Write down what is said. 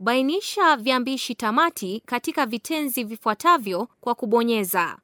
Bainisha viambishi tamati katika vitenzi vifuatavyo kwa kubonyeza.